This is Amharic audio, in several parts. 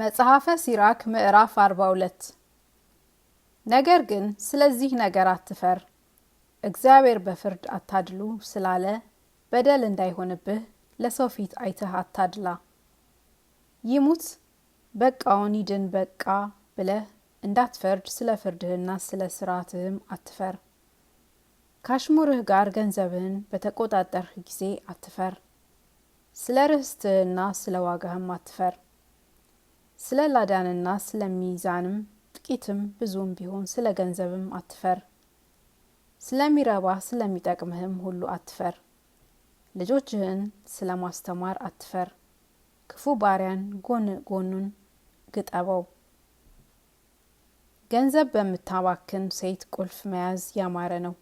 መጽሐፈ ሲራክ ምዕራፍ 42 ነገር ግን ስለዚህ ነገር አትፈር፣ እግዚአብሔር በፍርድ አታድሉ ስላለ በደል እንዳይሆንብህ ለሰው ፊት አይተህ አታድላ። ይሙት በቃውን ይድን በቃ ብለህ እንዳትፈርድ ስለ ፍርድህና ስለ ስርዓትህም አትፈር። ካሽሙርህ ጋር ገንዘብህን በተቆጣጠርህ ጊዜ አትፈር። ስለ ርህስትህና ስለ ዋጋህም አትፈር። ስለ ላዳንና ስለ ሚዛንም ጥቂትም ብዙም ቢሆን ስለ ገንዘብም አትፈር፣ ስለሚረባ ስለሚጠቅምህም ሁሉ አትፈር። ልጆችህን ስለ ማስተማር አትፈር። ክፉ ባሪያን ጎን ጎኑን ግጠበው። ገንዘብ በምታባክን ሴት ቁልፍ መያዝ ያማረ ነው።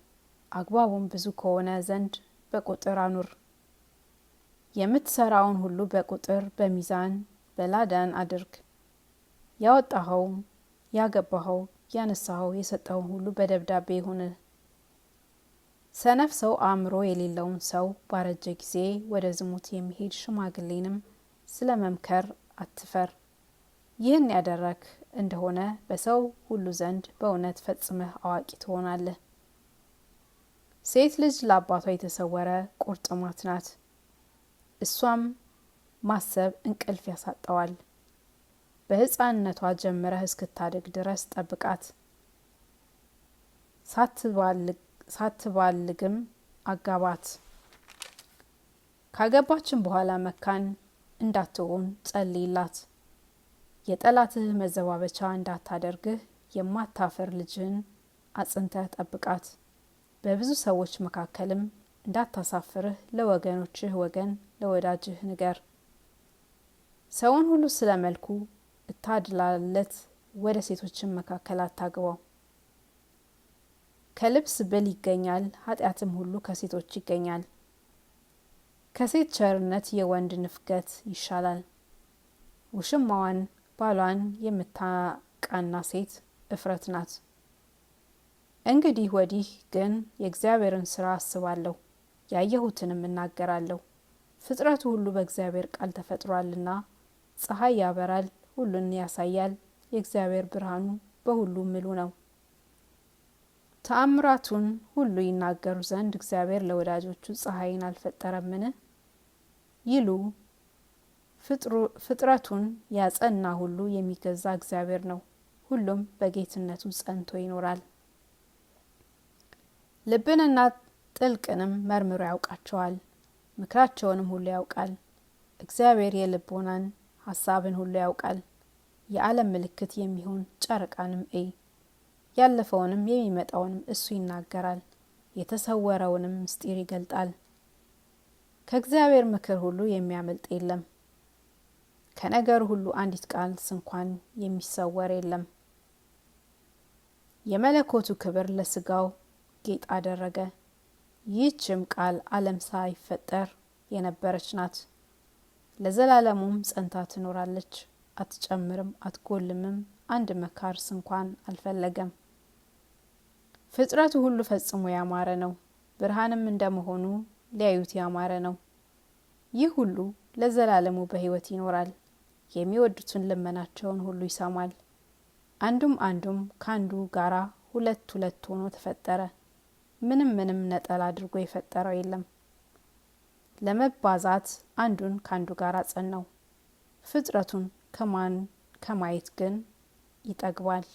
አግባቡን ብዙ ከሆነ ዘንድ በቁጥር አኑር። የምትሰራውን ሁሉ በቁጥር በሚዛን በላዳን አድርግ። ያወጣኸውም ያገባኸው ያነሳኸው የሰጠኸው ሁሉ በደብዳቤ ይሁን። ሰነፍ ሰው አእምሮ የሌለውን ሰው ባረጀ ጊዜ ወደ ዝሙት የሚሄድ ሽማግሌንም ስለ መምከር አትፈር። ይህን ያደረግ እንደሆነ በሰው ሁሉ ዘንድ በእውነት ፈጽመህ አዋቂ ትሆናለህ። ሴት ልጅ ለአባቷ የተሰወረ ቁርጥማት ናት። እሷም ማሰብ እንቅልፍ ያሳጠዋል። በህፃንነቷ ጀምረህ እስክታድግ ድረስ ጠብቃት። ሳትባልግም አጋባት። ካገባችን በኋላ መካን እንዳትሆን ጸልይላት። የጠላትህ መዘባበቻ እንዳታደርግህ የማታፈር ልጅህን አጽንተህ ጠብቃት። በብዙ ሰዎች መካከልም እንዳታሳፍርህ ለወገኖችህ ወገን ለወዳጅህ ንገር። ሰውን ሁሉ ስለ መልኩ እታድላለት ወደ ሴቶችን መካከል አታግባው። ከልብስ ብል ይገኛል፣ ኃጢአትም ሁሉ ከሴቶች ይገኛል። ከሴት ቸርነት የወንድ ንፍገት ይሻላል። ውሽማዋን ባሏን የምታቃና ሴት እፍረት ናት። እንግዲህ ወዲህ ግን የእግዚአብሔርን ስራ አስባለሁ፣ ያየሁትንም እናገራለሁ። ፍጥረቱ ሁሉ በእግዚአብሔር ቃል ተፈጥሯልና ፀሐይ ያበራል ሁሉን ያሳያል። የእግዚአብሔር ብርሃኑ በሁሉ ምሉ ነው። ተአምራቱን ሁሉ ይናገሩ ዘንድ እግዚአብሔር ለወዳጆቹ ፀሐይን አልፈጠረምን ይሉ ፍጥረቱን ያጸና ሁሉ የሚገዛ እግዚአብሔር ነው። ሁሉም በጌትነቱ ጸንቶ ይኖራል። ልብንና ጥልቅንም መርምሮ ያውቃቸዋል። ምክራቸውንም ሁሉ ያውቃል። እግዚአብሔር የልቦናን ሀሳብን ሁሉ ያውቃል። የዓለም ምልክት የሚሆን ጨረቃንም እይ። ያለፈውንም የሚመጣውንም እሱ ይናገራል፣ የተሰወረውንም ምስጢር ይገልጣል። ከእግዚአብሔር ምክር ሁሉ የሚያመልጥ የለም። ከነገር ሁሉ አንዲት ቃል ስንኳን የሚሰወር የለም። የመለኮቱ ክብር ለስጋው ጌጥ አደረገ። ይህችም ቃል ዓለም ሳይፈጠር የነበረች ናት። ለዘላለሙም ጸንታ ትኖራለች። አትጨምርም አትጎልምም፣ አንድ መካርስ እንኳን አልፈለገም። ፍጥረቱ ሁሉ ፈጽሞ ያማረ ነው፣ ብርሃንም እንደመሆኑ ሊያዩት ያማረ ነው። ይህ ሁሉ ለዘላለሙ በሕይወት ይኖራል። የሚወዱትን ልመናቸውን ሁሉ ይሰማል። አንዱም አንዱም ከአንዱ ጋራ ሁለት ሁለት ሆኖ ተፈጠረ። ምንም ምንም ነጠላ አድርጎ የፈጠረው የለም። ለመባዛት አንዱን ከአንዱ ጋር አጸናው። ፍጥረቱን ከማን ከማየት ግን ይጠግባል።